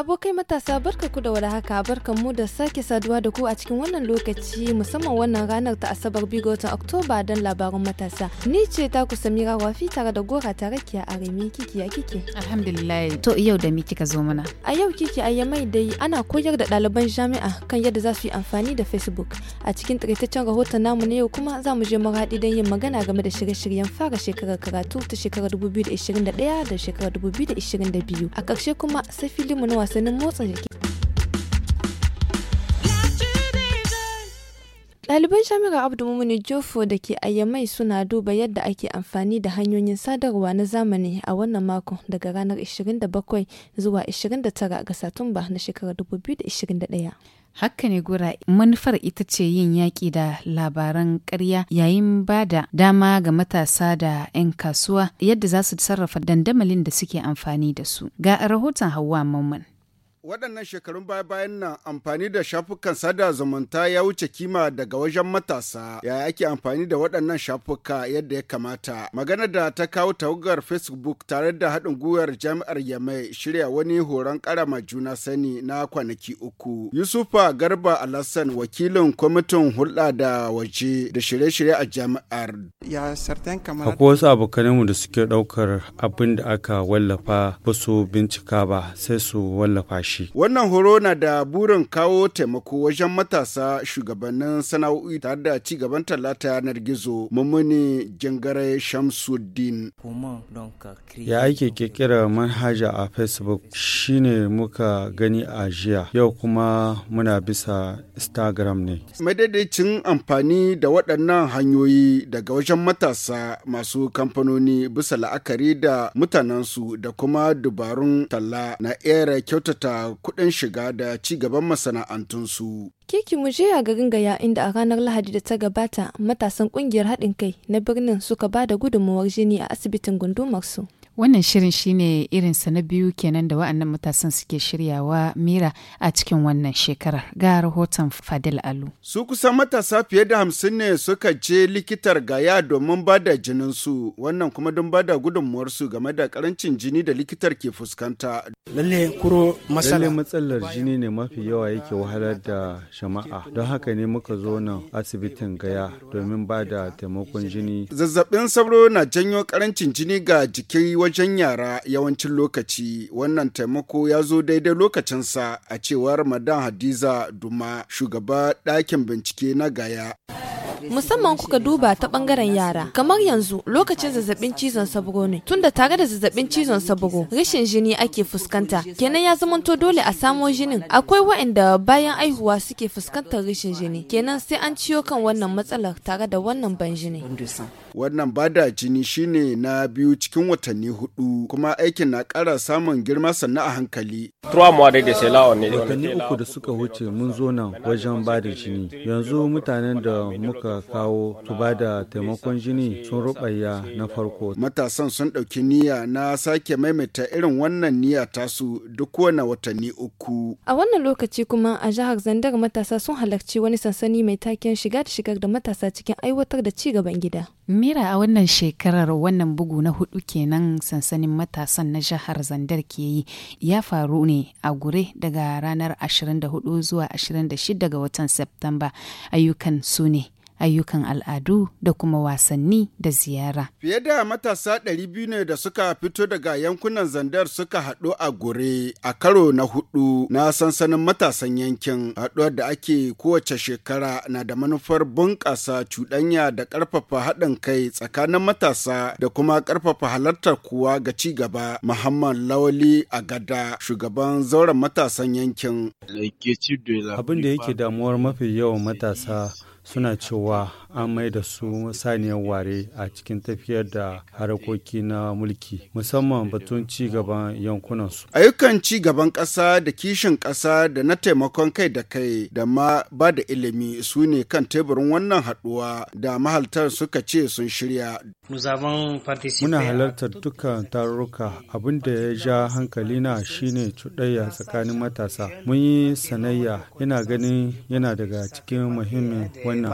Abokai matasa barka ku da haka barkan mu da sake saduwa da ku a cikin wannan lokaci musamman wannan ranar ta Asabar biyu ga watan Oktoba don labarin matasa. Ni ce ta ku Samira Wafi tare da Gora tare ki a Aremi kiki a kike. Alhamdulillah to yau da mi kika zo mana. A yau kiki a Yamai dai ana koyar da ɗaliban jami'a kan yadda za su yi amfani da Facebook. A cikin taƙaitaccen rahoton namu na yau kuma za mu je mu raɗi don yin magana game da shirye-shiryen fara shekarar karatu ta shekarar 2021 da shekarar 2022. A ƙarshe kuma sai filinmu na wasannin motsa jiki Ɗaliban Shamira mumini Jofo da ke ayyamai suna duba yadda ake amfani da hanyoyin sadarwa na zamani a wannan mako daga ranar 27 zuwa 29 ga Satumba na shekarar 2021. Haka ne gura manufar ita ce yin yaƙi da labaran ƙarya yayin ba da dama ga matasa da 'yan kasuwa yadda za su sarrafa dandamalin da suke amfani da su. Ga rahoton Hauwa Mamman. waɗannan shekarun baya-bayan nan amfani da shafukan sada zumunta ya wuce kima daga wajen matasa ya ake amfani da waɗannan shafuka yadda ya kamata magana da ta kawo tawagar facebook tare da haɗin gwiwar jami'ar yamai shirya wani horon karama juna sani na kwanaki uku yusufa garba alassan wakilin kwamitin hulɗa da waje da shirye-shirye a jami'ar akwai wasu abokanmu da suke ɗaukar abin da aka wallafa ba su bincika ba sai su wallafa shi shi. Wannan horo na da burin kawo taimako wajen matasa shugabannin sana'o'i tare da ci gaban talata yanar gizo mummuni jingare Shamsuddin. Ya ake kirkira euh, manhaja a Facebook shine muka gani a jiya yau kuma muna bisa Instagram ne. Madadicin amfani da waɗannan hanyoyi daga wajen matasa masu kamfanoni bisa la'akari da mutanensu da kuma dubarun talla na era kyautata Kudin kuɗin shiga da ci gaban masana'antunsu. Kiki mu je a garin Gaya inda a ranar Lahadi da ta gabata matasan kungiyar haɗin kai na birnin suka ba da gudunmawar jini a asibitin gundumarsu. Wannan shirin shine irinsa na biyu kenan da wa'annan matasan suke shiryawa Mira a cikin wannan shekarar ga rahoton Fadil Alu. Su kusa matasa fiye da hamsin ne suka je likitar gaya domin ba da jininsu wannan kuma don ba da gudunmuwarsu game da karancin jini da likitar ke fuskanta. Lalle kuro matsalar jini ne mafi yawa yake wahalar da shama'a don haka ne muka zo nan asibitin gaya domin ba da taimakon jini. Zazzabin sauro na janyo karancin jini ga jiki wajen yara yawancin lokaci wannan taimako ya zo daidai lokacinsa a cewar madan hadiza duma shugaba ɗakin bincike na gaya musamman kuka duba ta bangaren yara kamar yanzu lokacin zazzabin cizon sabro ne tunda tare da zazzabin cizon sabro rashin jini ake fuskanta kenan ya zamanto dole a samo jinin akwai wa'inda bayan aihuwa suke fuskantar rashin jini kenan sai an ciyo kan wannan matsalar tare da wannan ban jini Wannan bada jini shine na biyu cikin watanni hudu kuma aikin na kara samun girma sannan a hankali. Watanni uku da suka wuce mun zo nan wajen bada jini. Yanzu mutanen da muka kawo su bada taimakon jini sun rubaya na farko. Matasan sun ɗauki niyya na sake maimaita irin wannan niyya tasu duk wani watanni uku. A wannan lokaci kuma a jihar Zandar matasa sun halarci wani sansani mai taken shiga da shigar da matasa cikin aiwatar da ci gaban gida. Mira a wannan shekarar wannan bugu na hudu kenan sansanin matasan na jihar Zandar ke yi ya faru ne a gure daga ranar 24 zuwa 26 ga watan Septamba ayyukan su ne ayyukan al'adu da kuma wasanni da ziyara. Fiye da matasa 200 ne da suka fito daga yankunan zandar suka haɗu a gure a karo na hudu na sansanin matasan yankin haɗuwar da ake kowace shekara na da manufar bunƙasa cuɗanya da ƙarfafa haɗin kai tsakanin matasa da kuma ƙarfafa halartar kuwa ga ci gaba. Muhammad Lawali gada, shugaban zauren matasan yankin. Abin da yake damuwar mafi yawan matasa suna cewa an mai da su saniyar ware a cikin tafiyar da harakoki na mulki musamman batun ci gaban yankunansu. Ayyukan ci gaban ƙasa da kishin ƙasa da na taimakon kai da kai da ma ba da ilimi su ne kan teburin wannan haɗuwa da mahaltar suka ce sun shirya Muna halartar dukkan tarurruka abin da ya ja hankalina shine cuɗayya tsakanin matasa. Mun yi sanayya yana ganin yana daga cikin muhimmin wannan.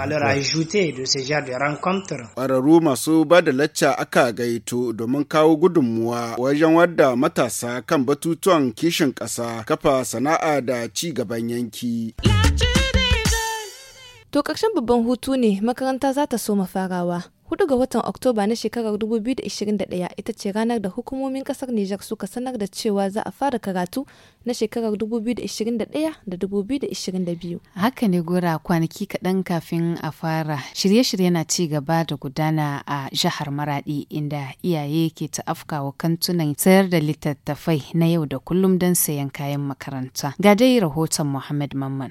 Ƙwararru masu ba da lacca aka gaito domin kawo gudunmuwa wajen wadda matasa kan batutuwan kishin ƙasa kafa sana'a da ci gaban yanki. To ƙarshen babban hutu ne makaranta za ta so farawa. 4 ga watan Oktoba na shekarar 2021 ita ce ranar da hukumomin kasar Nijar suka sanar da cewa za a fara karatu na shekarar 2021 da 2022. Haka ne gura kwanaki kaɗan kafin a fara shirye-shirye na ci gaba da gudana a jihar Maradi inda iyaye ke taafka wa kantunan sayar da littattafai na yau da kullum don sayan kayan makaranta. Ga dai rahoton Muhammad Mamman.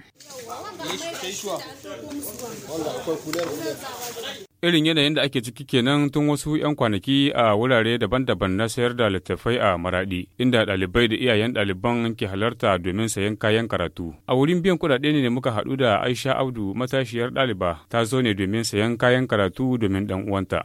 irin yanayin da ake ciki kenan tun wasu 'yan kwanaki a wurare daban-daban na sayar da littattafai a maradi inda ɗalibai da iyayen ɗaliban ke halarta domin sayan kayan karatu a wurin biyan kuɗaɗe ne muka haɗu da aisha abdu matashiyar ɗaliba ta zo ne domin sayan kayan karatu domin ɗan uwanta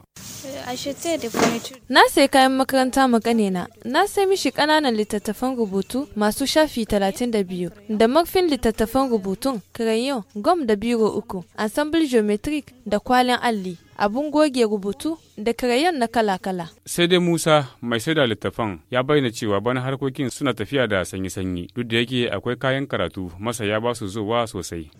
Na sai kayan makaranta makanena, na sai mishi ƙananan littattafan rubutu masu shafi 32 da marfin littattafan rubutun, crayon, gom da biro uku, ensemble geometric da kwalin alli. abun goge rubutu da karayen na kala-kala. Sai dai Musa mai saida littafan ya bayyana cewa bana harkokin suna tafiya da sanyi-sanyi duk da yake akwai kayan karatu masa ya ba su zuwa sosai.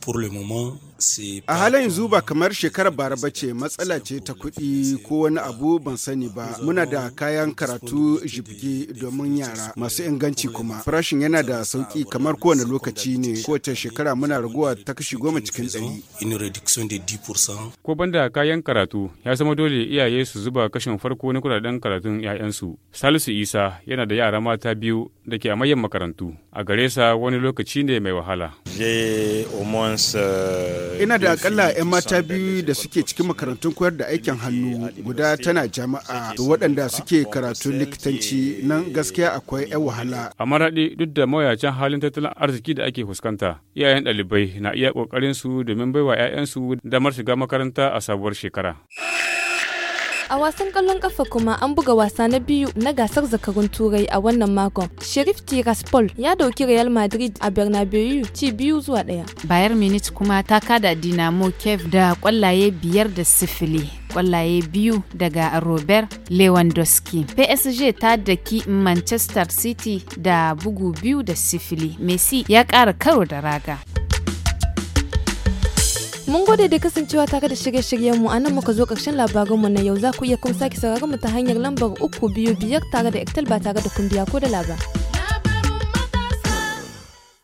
A halin yanzu ba kamar shekarar bara ba ce matsala ce ta kuɗi ko wani abu ban sani ba muna da kayan karatu jibge domin yara masu inganci kuma farashin yana da sauki kamar kowane lokaci ne kowace shekara muna raguwa ta kashi goma cikin ɗari. Ko banda kayan karatu karatu ya zama dole iyaye su zuba kashin farko na kudaden karatun 'ya'yansu. Salisu Isa yana da yara mata biyu da ke a makarantu. A gare sa wani lokaci ne mai wahala. Euh, Ina da akalla 'yan mata biyu da suke cikin makarantun koyar da aikin hannu guda tana jama'a da waɗanda suke karatun likitanci nan gaskiya akwai 'yan wahala. A maraɗi duk da mawuyacin halin tattalin arziki da ake fuskanta, iyayen ɗalibai na iya ƙoƙarinsu su domin baiwa 'ya'yansu damar shiga makaranta a sabuwar shekara. A wasan kallon kafa kuma an buga wasa na biyu na gasar zakarun turai a wannan makon. Sherif Tiraspol ya dauki Real Madrid a Bernabeu ci biyu zuwa ɗaya. Bayar Munich kuma ta kada Dinamo Kiev da kwallaye biyar da sifili. kwallaye biyu daga Robert Lewandowski. PSG ta daki Manchester City da bugu biyu da sifili. Messi ya ƙara karo da raga. Mun gode da kasancewa tare da shirye-shiryenmu a nan muka zo ƙarshen labarinmu na yau za ku iya kuma sake sauraron mu ta hanyar lambar uku biyu biyar tare da ektel ba tare da kumbiya ko da labar.